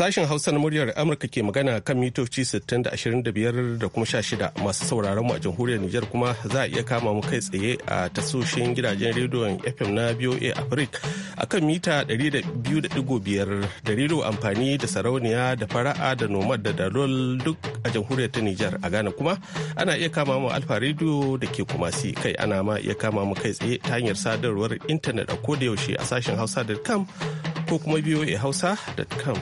Sashen Hausa na muryar Amurka ke magana kan mitoci 60 da 25 da kuma 16 masu sauraron mu a jamhuriyar Nijar kuma za a iya kama mu kai tsaye a tasoshin gidajen rediyon FM na BOA Africa a kan mita 200.5 da rediyo amfani da sarauniya da fara'a da nomad da dalol duk a jamhuriyar ta Nijar a Ghana kuma ana iya kama mu Alfa rediyo da ke kumasi kai ana ma iya kama mu kai tsaye ta hanyar sadarwar intanet a kodayaushe a sashen hausa.com ko kuma boa hausa.com.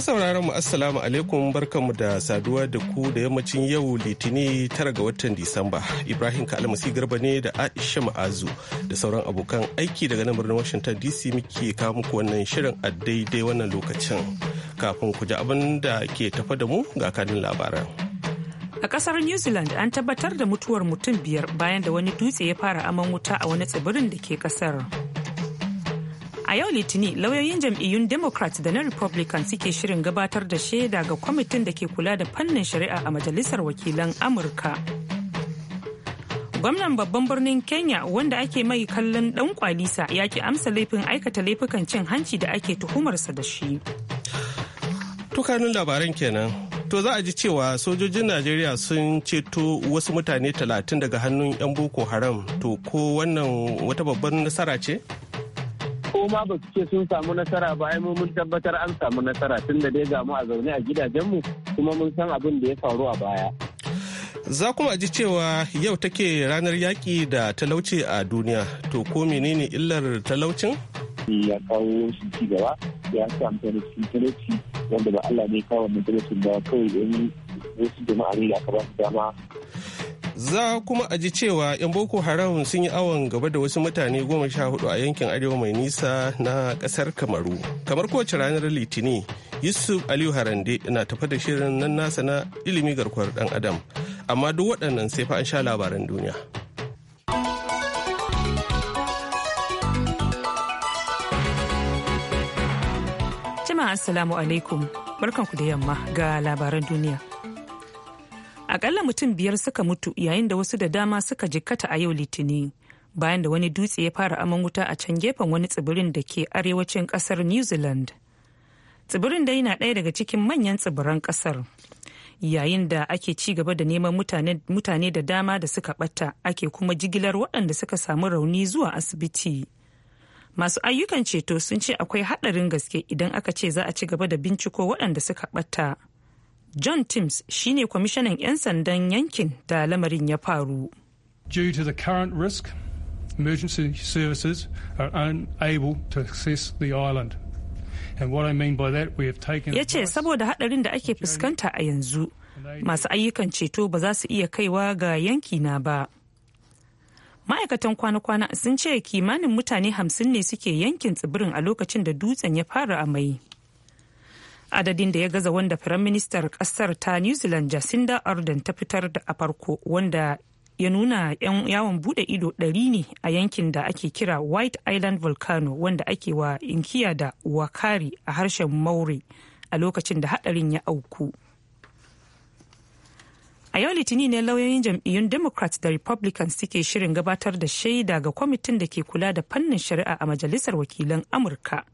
sauraron mu assalamu alaikum barkanmu da saduwa da ku da yammacin yau litini 9 ga watan Disamba. Ibrahim Kalmasi Garba ne da Aisha Ma'azu da sauran abokan aiki daga nan birnin Washington DC muke kawo muku wannan shirin a daidai wannan lokacin. Kafin ku ji abin da ke tafa da mu ga kanin labaran. A kasar New Zealand an tabbatar da mutuwar mutum biyar bayan da wani dutse ya fara aman wuta a wani tsibirin da ke kasar. a yau litinin lauyoyin jam'iyyun democrats da na republican suke shirin gabatar da shaida ga kwamitin da ke kula da fannin shari'a a majalisar wakilan amurka gwamnan babban birnin kenya wanda ake mai kallon dan kwalisa ya ki amsa laifin aikata laifukan cin hanci da ake tuhumarsa da shi tukanin labaran kenan to za a ji cewa sojojin najeriya sun ceto wasu mutane talatin daga hannun 'yan boko haram to ko wannan wata babbar nasara ce? ko ma ba su ce sun samu nasara ba ai mun tabbatar an samu nasara tun da dai ga mu a zaune a gidajenmu kuma mun san abin da ya faru a baya. Za kuma ji cewa yau take ranar yaƙi da talauci a duniya to ko menene illar talaucin? Ya kawo shi ci gaba ya samu talauci talauci wanda ba Allah ne kawo mutum ba kawai wasu jama'a ne da aka ba su dama za kuma a ji cewa 'yan boko haram sun yi awon gaba da wasu mutane goma sha hudu a yankin arewa mai nisa na kasar kamaru kamar kowace ranar litini yusuf aliyu harande na tafa da shirin nan nasa na ilimi garkuwar dan adam amma duk waɗannan sai fa an sha labaran duniya jama'a assalamu alaikum barkanku da yamma ga labaran duniya akalla mutum biyar suka mutu yayin da wasu da dama suka jikkata a yau litinin bayan da wani dutse ya fara aman wuta a can gefen wani tsibirin da ke arewacin kasar new zealand tsibirin dai na ɗaya daga cikin manyan tsibiran kasar yayin da ake ci gaba da neman mutane da dama da suka ɓata ake kuma jigilar waɗanda suka samu rauni zuwa asibiti masu ayyukan ceto sun ce akwai haɗarin gaske idan aka ce za a ci gaba da binciko waɗanda suka ɓata John Timms shine kwamishinan 'yan sandan yankin da lamarin ya faru. Due to the current risk, emergency services are unable to access the island. Ya ce saboda hadarin da ake fuskanta a yanzu, masu ayyukan ceto ba za su iya kaiwa ga yanki na ba. Ma'aikatan kwana-kwana sun ce kimanin mutane hamsin ne suke yankin tsibirin a lokacin da dutsen ya fara amai. adadin da ya gaza wanda firaministar kasar ta new zealand jacinda ardern ta fitar da a farko wanda ya nuna yan yawon bude ido ɗari ne a yankin da ake kira white island volcano wanda ake wa inkiya da wakari a harshen maure a lokacin da hadarin ya auku a yau litini ne lauyoyin jam'iyyun democrats da republicans suke shirin gabatar da shaida ga kwamitin da ke kula da fannin shari'a a majalisar wakilan amurka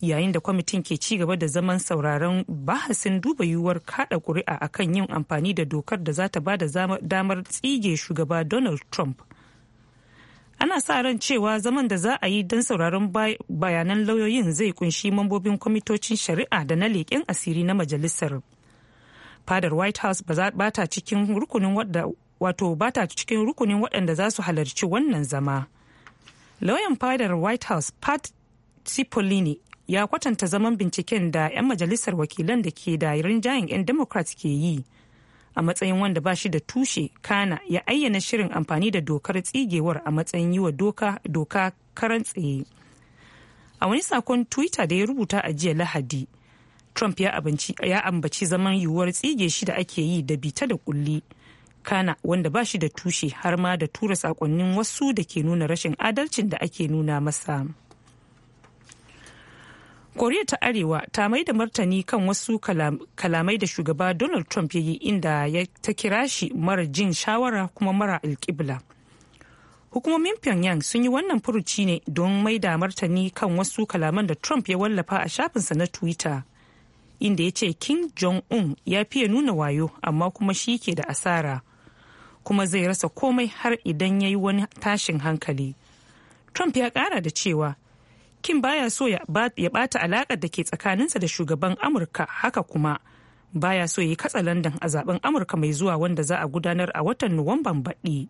yayin da kwamitin ke ci gaba da zaman sauraron bahasin duba yiwuwar kada kuri'a akan yin amfani da dokar da za ta ba da damar tsige shugaba donald trump ana sa ran cewa zaman da za a yi don sauraron bayanan lauyoyin zai kunshi mambobin kwamitocin shari'a da na leƙen asiri na majalisar fadar white house ba ta cikin rukunin wato ba ta cikin rukunin waɗanda za su halarci wannan zama lauyan fadar white house pat cipollini ya kwatanta zaman binciken da 'yan majalisar wakilan da ke da rinjayen 'yan democrat ke yi a matsayin wanda ba shi da tushe kana ya ayyana shirin amfani da dokar tsigewar a matsayin yi wa doka doka karan tsaye a wani sakon twitter da ya rubuta a jiya lahadi trump ya ambaci zaman yiwuwar tsige shi da ake yi da bita da kulli kana wanda ba shi da tushe har ma da tura sakonnin wasu da ke nuna rashin adalcin da ake nuna masa. koriya ta arewa ta mai da martani kan wasu kalamai da shugaba donald trump ya yi inda ya ta kira shi mara jin shawara kuma mara alkibla hukumomin pyongyang sun yi wannan furuci ne don mai da martani kan wasu kalaman da trump ya wallafa a shafinsa na twitter inda ya ce kim jong-un ya fiye nuna wayo amma kuma shi ke da asara kuma zai rasa komai har idan ya yi wani tashin hankali trump ya kara da cewa Kim baya so ya bata alaƙar da ke tsakaninsa da shugaban Amurka haka kuma baya so ya yi katsa Landan a zaben Amurka mai zuwa wanda za a gudanar a watan Nuwamban baɗi.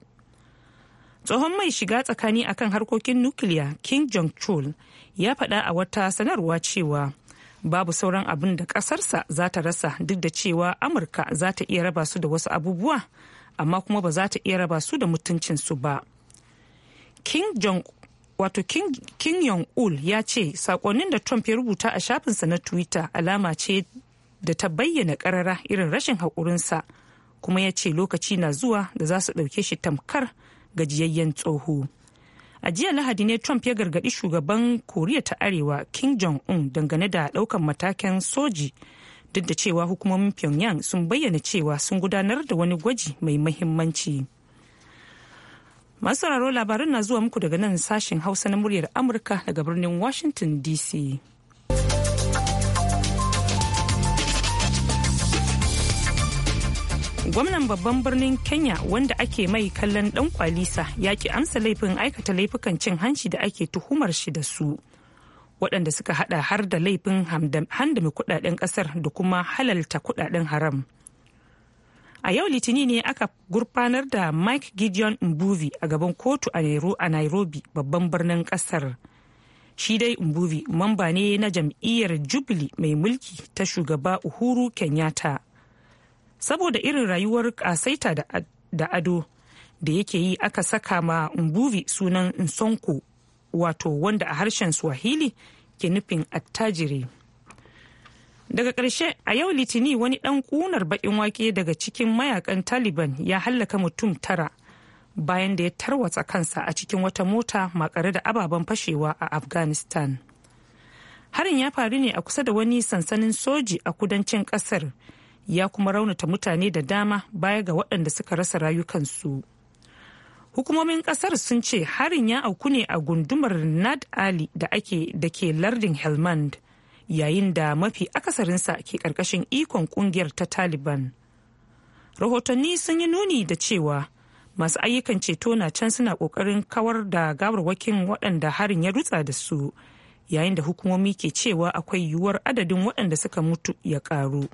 Tsohon mai shiga tsakani akan harkokin nukiliya King Jong Chul ya faɗa a wata sanarwa cewa babu sauran abin da ƙasarsa za ta rasa duk da cewa Amurka za ta iya raba su da wasu abubuwa amma kuma ba za ta iya raba su da mutuncinsu ba. King Jong wato kim yong ul ya ce sakonin da trump ya rubuta a shafinsa na twitter alama ce da ta bayyana karara irin rashin haƙurinsa kuma ya ce lokaci na zuwa da za su ɗauke shi tamkar gajiyayyen tsoho a jiya lahadi ne trump ya gargaɗi shugaban koriya ta arewa kim jong-un dangane da ɗaukan matakan soji duk da cewa hukumomin pyongyang sun bayyana cewa sun gudanar da wani gwaji mai mahimmanci. Masu sauraro labarin na zuwa muku daga nan sashen Hausa na muryar Amurka daga birnin Washington DC. Gwamnan babban birnin Kenya wanda ake mai kallon dan kwalisa ya ki amsa laifin aikata laifukan cin hanci da ake tuhumar shi da su. waɗanda suka hada har da laifin handame kudaden ƙasar da kuma halalta kudaden haram. a yau litinin ne aka gurfanar da mike gideon mbuvi a gaban kotu a nairobi babban birnin kasar shi dai mbuvi mamba ne na jam'iyyar jubili mai mulki ta shugaba uhuru kenyatta saboda irin rayuwar kasaita da ado da yake yi aka saka ma mbuvi sunan nsonko wato wanda a harshen swahili ke nufin attajiri. daga ƙarshe a yau litini wani ɗan ƙunar baƙin wake daga cikin mayakan taliban ya hallaka mutum tara bayan da ya tarwatsa kansa a cikin wata mota makare da ababen fashewa a afghanistan harin ya faru ne a kusa da wani sansanin soji a kudancin ƙasar ya kuma raunata mutane da dama baya ga waɗanda suka rasa rayukansu hukumomin ƙasar sun ce harin ya auku ne a gundumar nad ali da ke lardin helmand yayin da mafi akasarinsa ke karkashin ikon kungiyar ta taliban rahotanni sun yi nuni da cewa masu ayyukan ceto na can suna kokarin kawar da gawarwakin waɗanda harin ya rutsa da su yayin da hukumomi ke cewa akwai yiwuwar adadin waɗanda suka mutu ya ƙaru.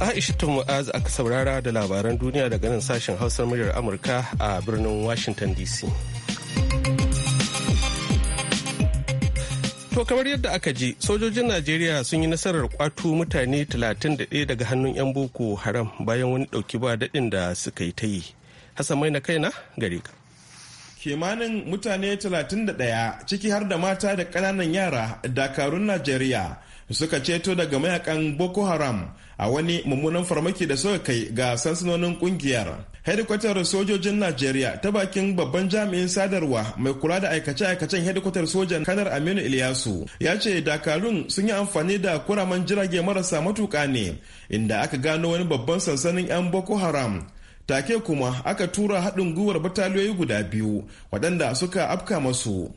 Aisha Mu'az aka saurara da labaran duniya daga nan sashen Hausar muryar Amurka a birnin Washington DC. To kamar yadda aka ji sojojin Najeriya sun yi nasarar kwato mutane 31 daga hannun 'yan boko haram bayan wani ɗauki ba daɗin da suka yi ta yi. Hassan mai na kaina gare ka. Kimanin mutane 31 ciki har da mata da ƙananan yara dakarun Najeriya suka ceto daga mayakan boko haram a wani mummunan farmaki da suka kai ga sansanonin kungiyar hedikwatar sojojin najeriya ta bakin babban jami'in sadarwa mai kula da aikace-aikacen hedikwatar sojan kanar aminu ilyasu ya ce dakarun sun yi amfani da kuraman jirage marasa matuka ne inda aka gano wani babban sansanin 'yan boko haram take kuma aka tura haɗin gwiwar bataliyoyi guda biyu waɗanda suka afka masu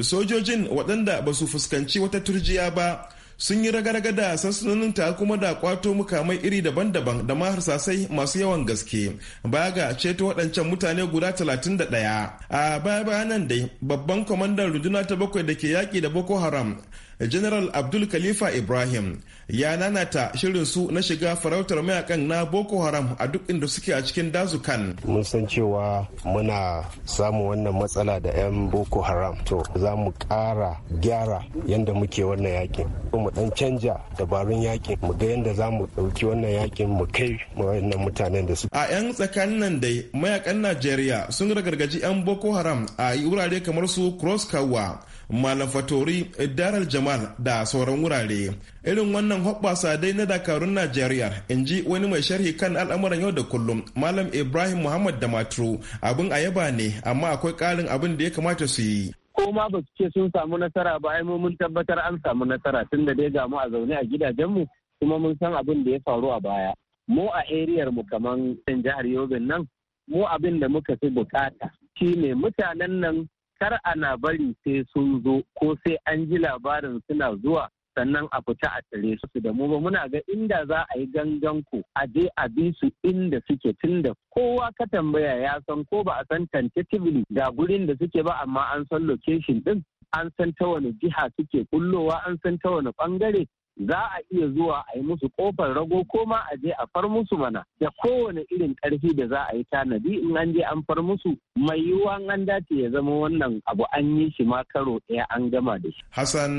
sojojin waɗanda ba su fuskanci wata turjiya ba sun yi ragaraga da sassanin ta kuma da kwato mukamai iri daban-daban da ma harsasai masu yawan gaske baya ga ceto waɗancan mutane guda 31 a baya nan dai babban kwamandan runduna ta bakwai da ke yaƙi da boko haram general abdul khalifa ibrahim ya nanata shirin su na shiga farautar mayakan na boko haram a duk inda suke a cikin dazukan mun san cewa muna samun wannan matsala da 'yan boko haram to za mu ƙara gyara yadda muke wannan yakin mu dan canja dabarun yakin mu ga yadda za mu ɗauki wannan yakin mu kai wannan mutanen da su a 'yan tsakanin nan dai mayakan najeriya sun ragargaji 'yan boko haram a wurare kamar su cross kawa malam fatori daral jamal da sauran wurare irin wannan hoɓɓasa dai na dakarun najeriya in ji wani mai sharhi kan al'amuran yau da kullum malam ibrahim muhammad da maturu abin a yaba ne amma akwai ƙarin abin da ya kamata su yi ko ma ba su ce sun samu nasara ba ai mun tabbatar an samu nasara tun da dai ga mu a zaune a gidajenmu kuma mun san abin da ya faru a baya mu a eriyar mu kaman jihar yobin nan mu abin da muka fi bukata shine mutanen nan kar ana bari sai sun zo ko sai an ji labarin suna zuwa sannan a fita a tare su da mu ba muna ga inda za a yi gangan ku a je a bi su inda suke tunda kowa ka tambaya ya san ko ba a san tentatively ga gurin da suke ba amma an san location din an san ta wani jiha suke kullowa an san ta wani bangare za a iya zuwa a yi musu kofar rago ko ma a je a far musu mana da kowane irin karfi da za a yi tanadi in an je an far musu mai yiwuwa an dace ya zama wannan abu an yi shi ma karo ɗaya an gama da shi. Hassan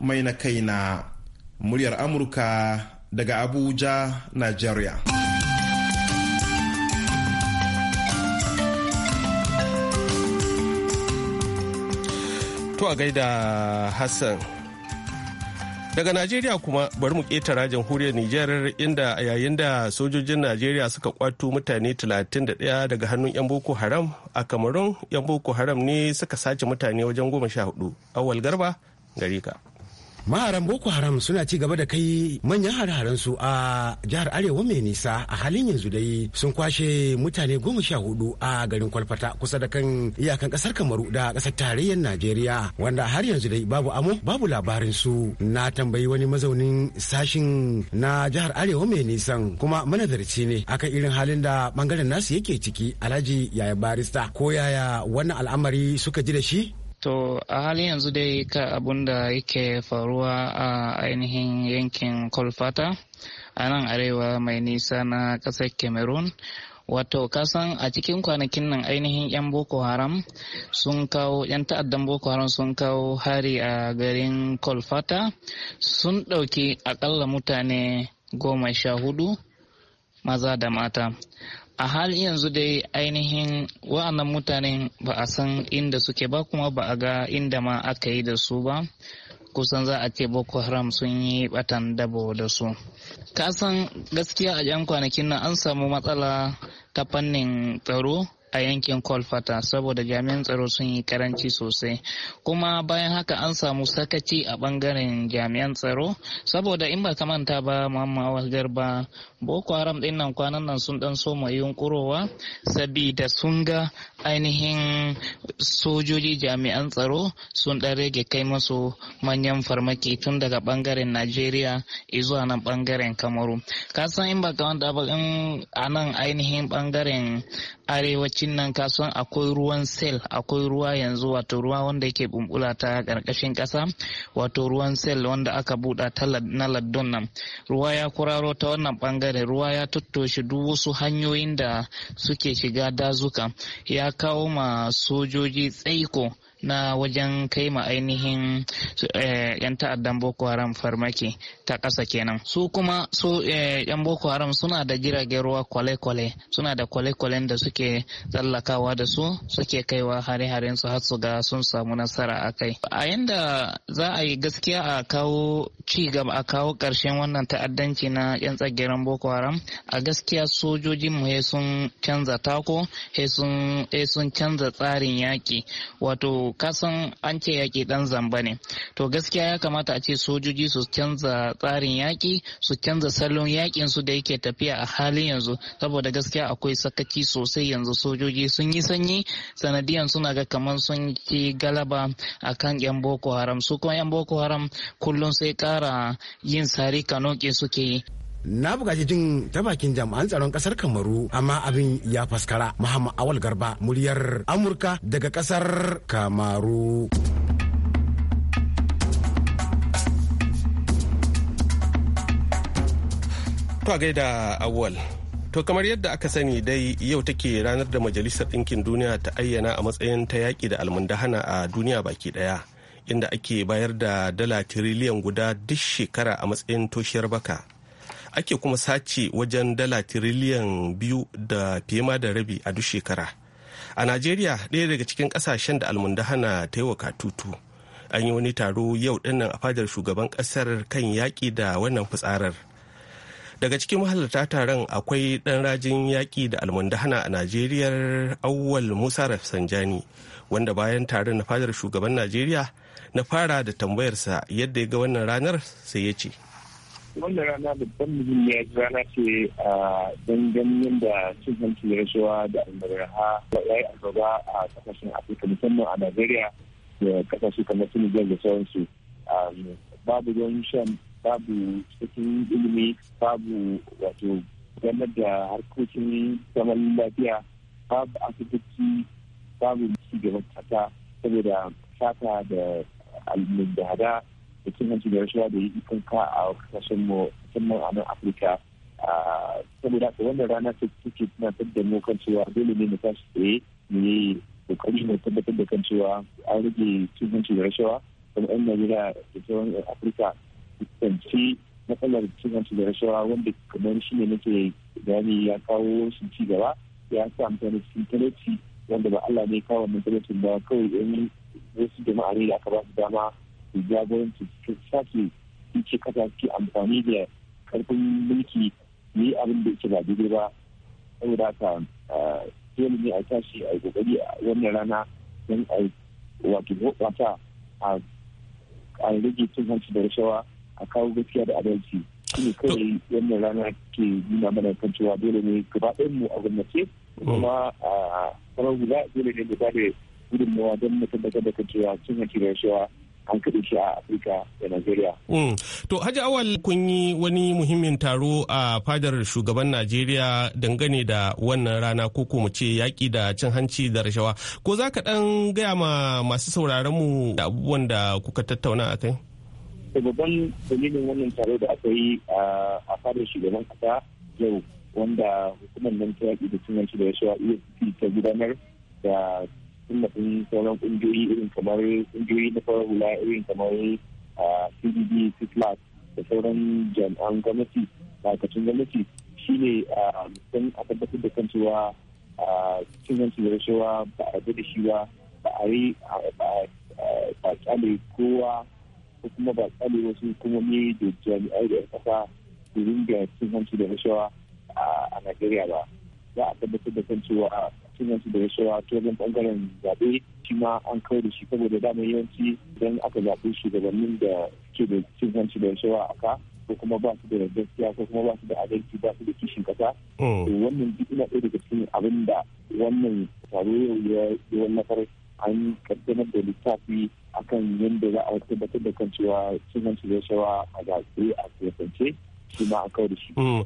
mai na kai na muryar Amurka daga Abuja, Nigeria. To a gaida Hassan daga najeriya kuma bari mu ƙetara jamhuriyar nijar inda a yayin da sojojin najeriya suka kwato mutane 31 daga hannun 'yan boko haram a kamarun 'yan boko haram ne suka sace mutane wajen goma sha hudu awal garba gari ka maharan boko haram suna ci gaba da kai manyan har su a jihar arewa mai nisa a halin yanzu dai sun kwashe mutane goma sha hudu a garin kwalfata kusa da kan iyakan kasar kamaru da kasar tarayyar najeriya wanda har yanzu dai babu amo babu labarin su na tambayi wani mazaunin sashin na jihar arewa mai nisan kuma manazarci ne akan irin halin da bangaren nasu yake ciki alhaji yaya barista ko yaya wannan al'amari suka ji da shi To a halin yanzu dai ka abun da yake faruwa a ainihin yankin Kolfata a nan arewa mai nisa na ƙasar Cameroon. Wato kasan a cikin kwanakin nan ainihin 'yan Boko Haram sun kawo 'yan ta'addan Boko Haram sun kawo hari a garin Kolfata sun ɗauki akalla mutane goma sha hudu maza da mata. a halin yanzu dai ainihin wa'annan mutanen ba a san inda suke ba kuma ba a ga inda ma aka yi da su ba kusan za a ce boko haram sun yi batan dabo da su kasan gaskiya a yan kwanakin nan an samu matsala ta fannin tsaro a yankin kolfata saboda jami'an tsaro sun yi karanci sosai kuma bayan haka an samu sakaci a bangaren jami'an tsaro saboda in ba manta ba mamawar garba boko haram din nan kwanan nan sun dan so mai yunkurowa sabida sun ga ainihin sojoji jami'an tsaro sun dan rage kai masu manyan farmaki tun daga bangaren najeriya zuwa nan bangaren kamaru kasan in ba kamanta ba in a nan ainihin bangaren arewacin nan kasan akwai ruwan sel akwai ruwa yanzu wato ruwa wanda yake bumbula ta karkashin kasa wato ruwan sel wanda aka buɗa ta na laddon nan ruwa ya kuraro ta wannan bangare ruwa ya tattoshe duk wasu hanyoyin da suke shiga dazuka ya kawo ma sojoji tsaiko na wajen kai ma ainihin eh, yan ta'addan boko haram farmaki ta ƙasa kenan su kuma su eh, yan boko haram suna da jiragen ruwa kwale-kwale suna da kwale-kwalen da suke tsallakawa da su suke kaiwa hare-haren su har su ga sun samu nasara a kai a yanda za a yi gaskiya a kawo ci gaba a kawo ƙarshen wannan ta'addanci na yan tsageren boko haram a gaskiya sojojin mu sun canza tako sun canza tsarin yaƙi wato kasan an ce yaƙi ɗan zamba ne to gaskiya ya kamata a ce sojoji su canza tsarin yaƙi su canza salon yaƙin su da yake tafiya a halin yanzu saboda gaskiya akwai sakaci sosai yanzu sojoji sun yi sanyi sanadiyan suna ga kamar sun ci galaba a kan yan boko haram su kuma yan boko haram kullum sai ƙara yin sari kanoke suke yi na buƙaci jin ta bakin jami'an tsaron ƙasar kamaru amma abin ya faskara muhammad awal garba muryar amurka daga ƙasar kamaru to gaida awal To kamar yadda aka sani dai yau take ranar da Majalisar Ɗinkin Duniya ta ayyana a matsayin ta yaƙi da almundahana a duniya baki ɗaya, inda ake bayar da dala tiriliyan guda duk shekara a matsayin toshiyar baka ake kuma sace wajen dala tiriliyan biyu da fiye ma da rabi a duk shekara a najeriya ɗaya daga cikin ƙasashen da almundahana ta yi wa an yi wani taro yau dinnan a fadar shugaban ƙasar kan yaƙi da wannan fitsarar daga cikin mahalarta taron akwai ɗan rajin yaƙi da almundahana a najeriya Auwal musa rafsanjani wanda bayan taron na fadar shugaban najeriya na fara da tambayarsa yadda ya ga wannan ranar sai ya ce wannan rana babban muhimmiya rana ce a dangannin da cin hanci da rashawa da almarha ya yi a kasashen afirka musamman a najeriya da kasashe kamar su nijar da sauransu babu ruwan shan babu cikin ilimi babu wato game da harkokin zaman lafiya babu asibiti babu cigaban gaban kasa saboda fata da hada da cin hanci da da yi kanka a kasashen mu musamman a nan afirka saboda haka wannan rana ta take tunatar da mu kan cewa dole ne mu tashi tsaye mu yi kokari mu tabbatar da kan cewa an rage cin hanci da rashawa kuma yan najeriya da sauran afirka fuskanci matsalar cin hanci da rashawa wanda kamar shi ne nake gani ya kawo su ci gaba ya sa mutane cikin talauci wanda ba Allah ne kawo mun talaucin ba kawai yan wasu jama'a ne da aka ba su dama ke jagoranci suke sake ce kasa suke amfani da karfin mulki ne abin da yake ba daidai ba saboda haka dole ne a tashi a kokari a wannan rana don a wato wata a rage cin hanci da rashawa a kawo gaskiya da adalci shine kawai wannan rana ke nuna mana kan cewa dole ne gaba ɗayan mu a gwamnati kuma a sarar hula dole ne mu ba da gudunmawa don mu tabbatar da kan cewa cin hanci da rashawa hankalin shi a Afirka da Najeriya. Mm. To Hajji Awal kun yi wani muhimmin taro a fadar shugaban Najeriya dangane da wannan rana ko ko mu ce yaƙi da cin hanci da rashawa. Ko za ka ɗan gaya ma masu sauraron mu da abubuwan da kuka tattauna a kai? Babban dalilin wannan taro da aka yi ah, a fadar shugaban kasa yau wanda hukumar nan ta yaƙi da cin hanci da rashawa iya e ta gudanar da sun sun sauran kungiyoyi irin kamar kungiyoyi na fara hula irin kamar a cdb ciflas da sauran jami'an gwamnati ma'aikacin gwamnati shine sun a tabbatar da kan cewa cin hanci da rashawa ba a da shi ba ba a yi ba kyale kowa ko kuma ba kyale wasu kuma ne da jami'ai da 'yan kasa domin da cin hanci da rashawa a Najeriya ba za a tabbatar da kan cewa cinyan su da ya shirya ta wajen bangaren zaɓe shi ma an kawo da shi saboda damar yawanci idan aka zaɓi shugabannin da ke da cinyan su da ya shirya a ka ko kuma ba su da gaskiya ko kuma ba su da adalci ba su da kishin kasa. Hmm. To wannan duk ina ɗaya daga cikin abin da wannan taro ya yi wani nasarar an kaddamar da littafi akan yadda za a tabbatar da kan cewa cinyan su da ya shirya a zaɓe a siyasance. a da shi. Mm.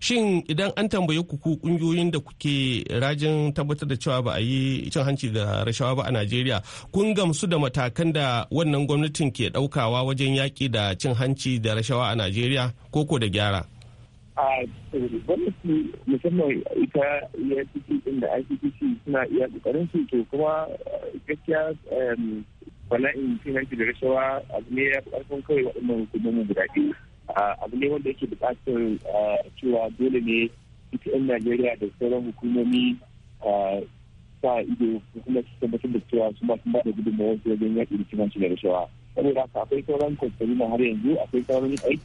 Shin idan an tambaye ku ku kungiyoyin da kuke rajin tabbatar da cewa ba a yi cin hanci da rashawa ba a Najeriya, kun gamsu da matakan da wannan gwamnatin ke ɗaukawa wajen yaƙi da cin hanci da rashawa a Najeriya ko ko da gyara? A gwamnati musamman ita ya e EFCC inda ICCC suna iya ƙoƙarin su to kuma eh, gaskiya bala'in cin hanci da rashawa abu ne ya fi ƙarfin kawai waɗannan hukumomin guda biyu. abu ne wanda yake bukatar cewa dole ne duk 'yan najeriya da sauran hukumomi sa ido kuma su tabbatar da cewa su masu ba da gudunmawar wajen yaƙi da kimanci da rashawa saboda haka akwai sauran kwastomi har yanzu akwai sauran aiki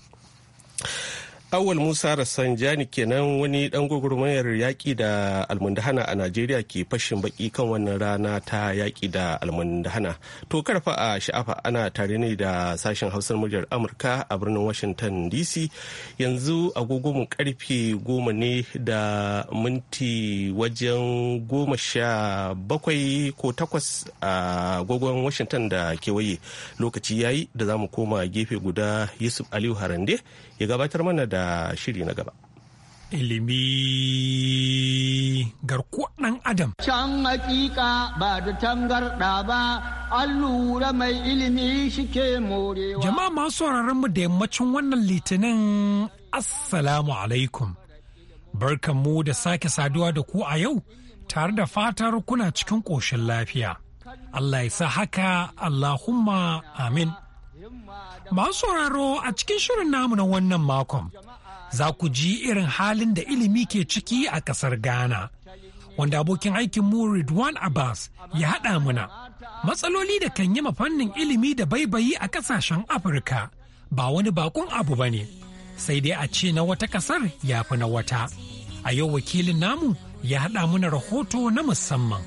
awal musa rassanjani kenan wani dan gwagwarmayar yaƙi da almundahana a najeriya ke fashin baki kan wannan rana ta yaƙi da almundahana to karfa a sha'afa ana tare ne da sashen hausar muryar amurka a birnin washington dc yanzu agogo mu karfe goma ne da minti wajen goma sha bakwai ko takwas a agogon washington da kewaye lokaci yayi da za mu koma gefe guda yusuf aliyu harande ya gabatar mana da shiri na gaba. Ilimi garkuwa ɗan Adam. Can hakika ba da tangarɗa ba, an lura mai ilimi shike morewa. Jama'a masu mu da yammacin wannan litinin Assalamu alaikum. mu da sake saduwa da ku a yau, tare da fatar kuna cikin ƙoshin lafiya. Allah ya sa haka Allahumma amin. Masu sauraro a cikin shirin namu na wannan makon, za ku ji irin halin da ilimi ke ciki a ƙasar Ghana, wanda abokin aikin mu Ridwan Abbas ya haɗa muna. Matsaloli da kan yi mafannin ilimi da baibayi a ƙasashen Afirka ba wani bakon abu ba ne, sai dai a ce na wata ƙasar ya fi na wata. A yau wakilin namu ya haɗa muna rahoto na musamman.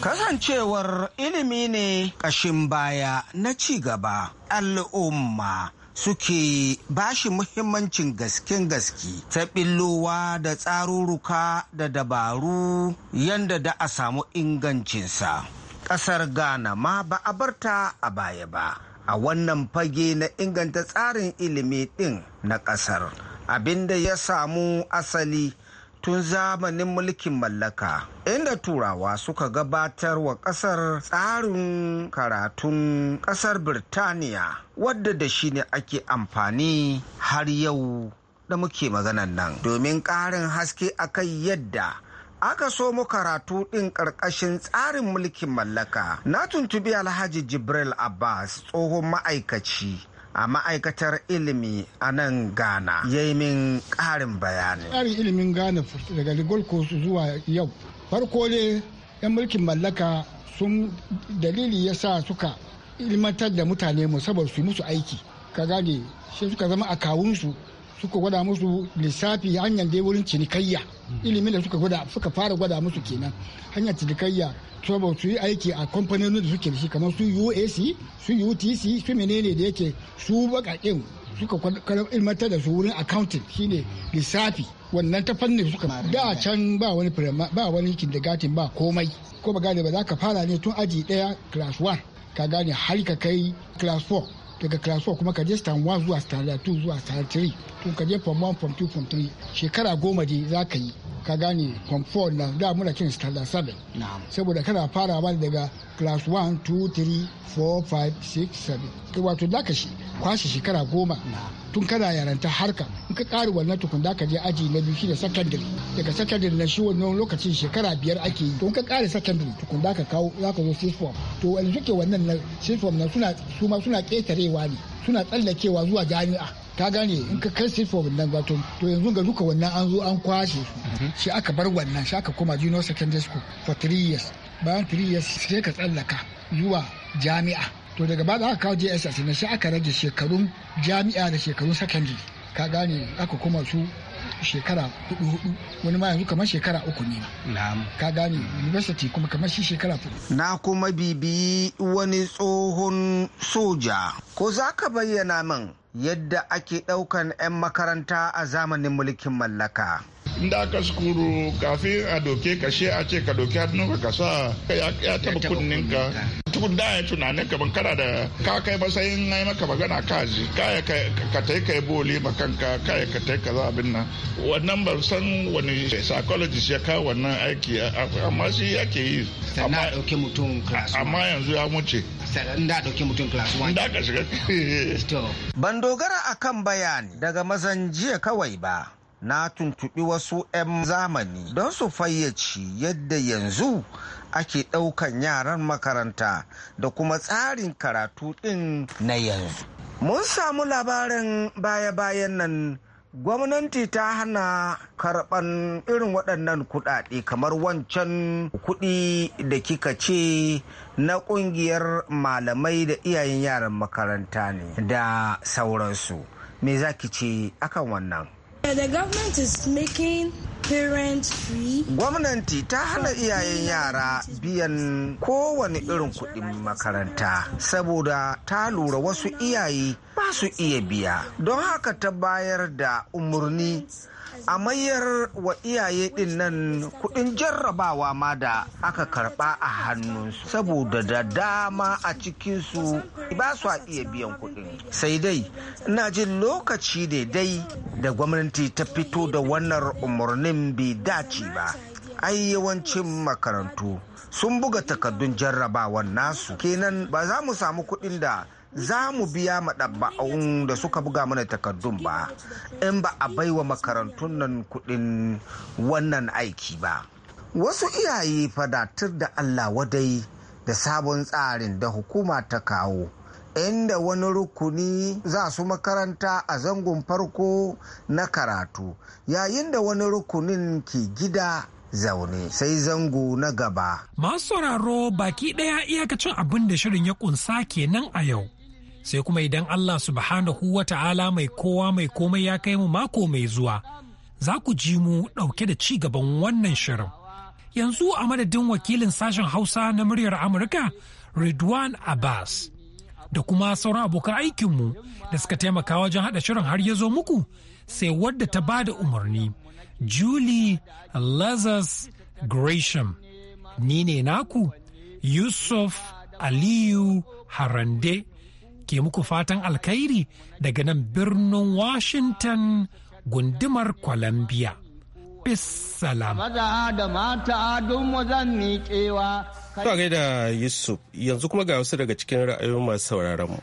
Kasancewar ilimi ne ƙashin baya na ci gaba al'umma suke bashi muhimmancin gasken gaske ta billowa da tsaruruka da dabaru yadda da a samu ingancinsa. Ƙasar Ghana ma ba a barta a baya ba a wannan fage na inganta tsarin ilimi ɗin na ƙasar abinda ya samu asali tun zamanin mulkin mallaka inda turawa suka gabatar wa kasar tsarin karatun kasar birtaniya wadda da shi ne ake amfani har yau da muke maganan nan domin ƙarin haske akan yadda aka so mu karatu ɗin ƙarƙashin tsarin mulkin mallaka na tuntubi alhaji jibril abbas tsohon ma'aikaci a ma'aikatar ilimi a nan ghana ya yi min ƙarin bayani ƙarin ilimin ghana daga gold coast zuwa yau farko ne 'yan mulkin mallaka sun dalili ya sa suka ilmantar da mutane mu saboda su musu aiki ka gane shi suka zama a kawunsu suka gwada musu lissafi hanyar dai wurin cinikayya ilimin da suka suka fara gwada musu kenan hanyar cinikayya saboda su yi aiki a kamfanonin da suke da shi kamar su uac su utc su menene da yake su bakakin suka ilmantar da su wurin accounting shine lissafi wannan ta fannin suka da can ba wani ba wani kindergarten ba komai ko ba gane ba za ka fara ne tun aji daya class 1 ka gane har ka kai class 4 daga class 4 kuma ka je stand 1 zuwa stand 2 zuwa stand 3 tun ka je form 1 form 2 form 3 shekara goma dai za ka yi ka gane form na da muna cin standard 7 saboda kana fara ba daga class 1 2 3 4 5 6 7 wato da ka shi kwashe shekara goma tun kana yaranta harka in ka ƙari wannan tukun da ka je aji na biyu shine secondary daga secondary na shi wannan lokacin shekara biyar ake yi to in ka ƙari secondary tukun da ka kawo za ka zo sixth form to yanzu ke wannan na sixth form na suna suma suna ƙetarewa ne suna tsallakewa zuwa jami'a ka gane in ka kai state for wannan wato to yanzu ga duka wannan an zo an kwashe mhm. shi aka bar wannan shi aka koma junior secondary school for three years bayan three years sai ka tsallaka zuwa jami'a to daga baya aka kawo JSS ne shi aka rage shekarun jami'a da shekarun secondary ka gane aka koma su shekara hudu hudu wani ma yanzu kamar shekara uku ne ka gane university kuma kamar shi shekara hudu na kuma bibi wani tsohon soja ko za ka bayyana min yadda ake ɗaukan 'yan makaranta a zamanin mulkin mallaka. da aka sukuru kafin a doke ka she a ce ka doke hannunka ka sa ya taba kunninka tukun da ya tunanin ka ban kana da ka kai matsayin na maka magana ka ji kaya ka tai kai boli ma kanka kaya ka tai kaza abin nan wannan ban san wani psychologist ya kawo wannan aiki amma shi yake yi amma dauke mutum class amma yanzu ya muce da dauke mutum class 1 da ka shiga ban dogara akan bayani daga mazan jiya kawai ba na tuntuɓi wasu 'yan zamani don su fayyaci yadda yanzu ake ɗaukan yaran makaranta da kuma tsarin karatu ɗin na yanzu. Mun samu labarin baya-bayan nan gwamnati ta hana karɓan irin waɗannan kuɗaɗe kamar wancan kuɗi da kika ce na ƙungiyar malamai da iyayen yaran makaranta ne da sauransu. Me za ki ce akan wannan? The government is Gwamnati ta hana iyayen yara biyan kowane irin kuɗin makaranta saboda ta lura wasu iyaye ba su iya biya. Don haka ta bayar da umarni a mayar wa iyaye din nan kuɗin jarrabawa ma da aka karɓa a hannunsu saboda da dama a cikinsu ba su a iya biyan kuɗi. sai dai ina jin lokaci da dai da gwamnati ta fito da wannan umarnin bai dace ba ai yawancin makarantu sun buga takardun jarrabawan nasu kenan ba za mu samu kuɗin da za mu biya maɗaba'un da suka buga mana takardun ba in ba a bai wa makarantun nan kuɗin wannan aiki ba wasu iyaye fadatar da allah wadai da sabon tsarin da hukuma ta kawo inda wani rukuni za su makaranta a zangon farko na karatu yayin da wani rukunin ke gida zaune sai zango na gaba. Masu sauraro baki ɗaya iyakacin abin da shirin ya kunsa kenan a yau. sai kuma idan Allah subhanahu wa ta'ala mai kowa mai komai ya kai mu mako mai zuwa za ku ji mu ɗauke da ci gaban wannan shirin. Yanzu a madadin wakilin sashen Hausa na muryar Amurka Ridwan Abbas da kuma sauran abokan aikinmu da suka taimaka wajen haɗa shirin har ya zo muku sai wadda ta ba da umarni Julie Lazarus Gresham. Ni ne naku Yusuf Aliyu Harande. ke muku fatan alkhairi daga nan birnin Washington gundumar Columbia. Bissalam. Maza da mata don zan miƙewa. Ta gaida Yusuf, yanzu kuma ga wasu daga cikin ra'ayoyin masu sauraron mu.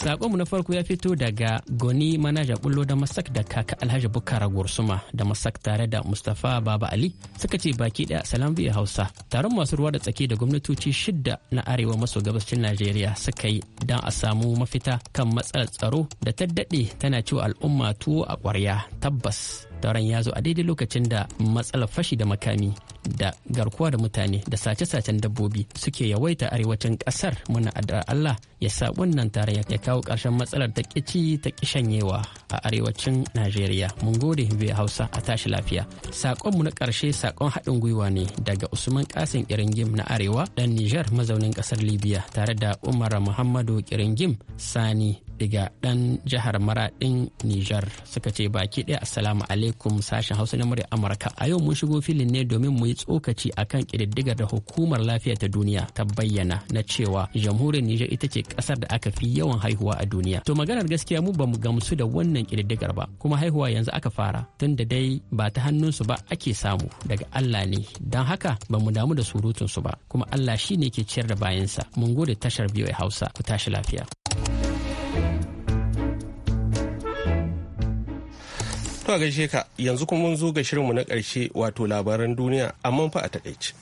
Sakonmu na farko ya fito daga Goni Manaja Bullo da Masak da Kaka Alhaji Bukara Gursuma da Masak tare da Mustapha Baba Ali suka ce baki daya salam biyu Hausa. Taron masu ruwa da tsaki da gwamnatoci shidda na arewa maso gabashin Najeriya suka yi don a samu mafita kan matsalar tsaro da ta daɗe tana cewa al'umma tuwo a ƙwarya tabbas taron ya zo a daidai lokacin da matsalar fashi da makami da garkuwa da mutane da sace-sacen dabbobi suke yawaita arewacin kasar muna addu'ar Allah ya sa wannan taron ya kawo ƙarshen matsalar ta ƙici ta kishanyewa a arewacin Najeriya. Mun gode biyu Hausa a tashi lafiya. mu na ƙarshe saƙon haɗin gwiwa ne daga Usman Kasim Kiringim na Arewa ɗan Nijar mazaunin ƙasar Libya tare da Umar Muhammadu ƙiringim Sani daga ɗan jihar Maraɗin Nijar suka ce baki ɗaya assalamu alaikum sashen Hausa na murya Amurka. A yau mun shigo filin ne domin mu yi tsokaci kan ƙididdigar da hukumar lafiya ta duniya ta bayyana na cewa jamhuriyar Nijar ita ce ƙasar da aka fi yawan haihuwa a duniya. To maganar gaskiya mu bamu gamsu da wannan ƙididdigar ba kuma haihuwa yanzu aka fara tun da dai ba ta hannunsu ba ake samu daga Allah ne don haka bamu damu da surutunsu ba kuma Allah shi ne ke ciyar da bayansa. Mun gode tashar biyu Hausa ku tashi lafiya. To gaishe ka yanzu kuma mun zo ga shirinmu na ƙarshe wato labaran duniya amma fa a takaice.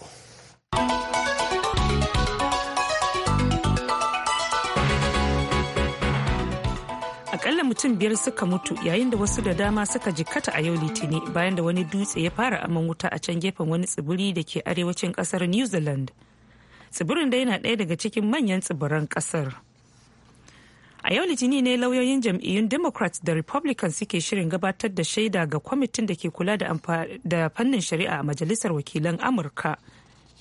akalla mutum biyar suka mutu yayin da wasu da dama suka jikkata a yau litini bayan da wani dutse ya fara aman wuta a can gefen wani tsibiri da ke arewacin kasar new zealand tsibirin da yana ɗaya daga cikin manyan tsibiran kasar a yau litinin ne lauyoyin jam'iyyun democrats da republicans suke shirin gabatar da shaida ga kwamitin da ke kula da fannin shari'a a majalisar wakilan amurka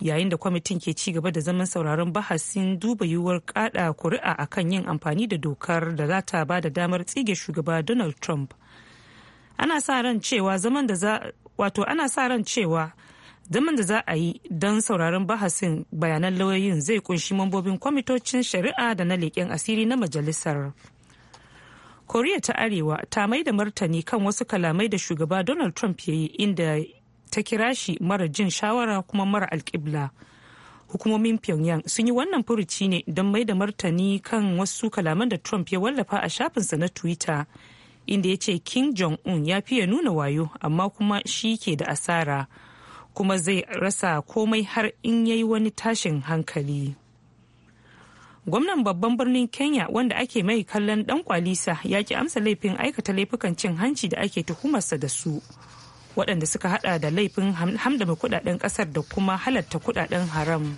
yayin da kwamitin ke ci gaba da zaman sauraron bahasin duba yiwuwar kada kuri'a akan yin amfani da dokar da za ta ba da damar tsige shugaba donald trump ana sa ran cewa zaman da za wato ana sa ran cewa zaman da za a yi don sauraron bahasin bayanan lauyoyin zai kunshi mambobin kwamitocin shari'a da na leƙen asiri na majalisar koriya ta arewa ta mai da martani kan wasu kalamai da shugaba donald trump ya yi inda ta kira shi mara jin shawara kuma mara alkibla hukumomin pyongyang sun yi wannan furuci ne don mai da martani kan wasu kalaman da trump ya wallafa a shafinsa na twitter inda ya ce kim jong-un ya fiye nuna wayo amma kuma shi ke da asara kuma zai rasa komai har in yayi wani tashin hankali gwamnan babban birnin kenya wanda ake mai kallon dan kwalisa ya ki amsa laifin aikata laifukan cin hanci da ake tuhumarsa da su waɗanda suka hada da laifin hamdame kudaden ƙasar da kuma halatta kudaden haram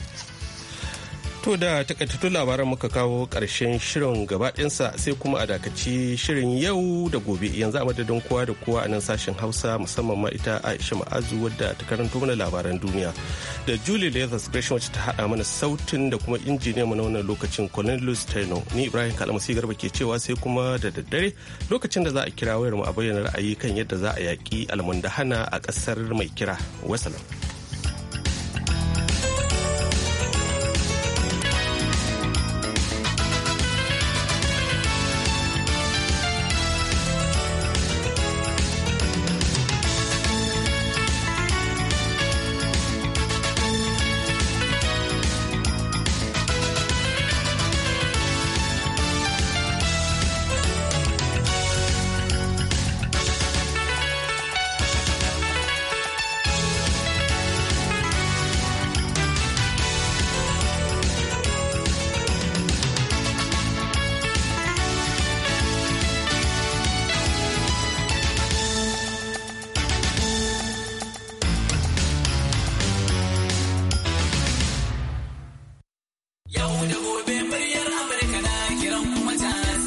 To da takaitattun labaran muka kawo ƙarshen shirin gabaɗinsa sai kuma a dakaci shirin yau da gobe yanzu a madadin kowa da kowa a nan sashen Hausa musamman ma ita Aisha Ma'azu wadda ta karanto mana labaran duniya. Da Julie Leathers Gresham wacce ta haɗa mana sautin da kuma injiniya mana wannan lokacin Cornelius Taino. Ni Ibrahim Kalamasi Garba ke cewa sai kuma da daddare lokacin da za a kira wayar mu a bayyana ra'ayi kan yadda za a yaƙi almundahana a ƙasar mai kira. Wasalam.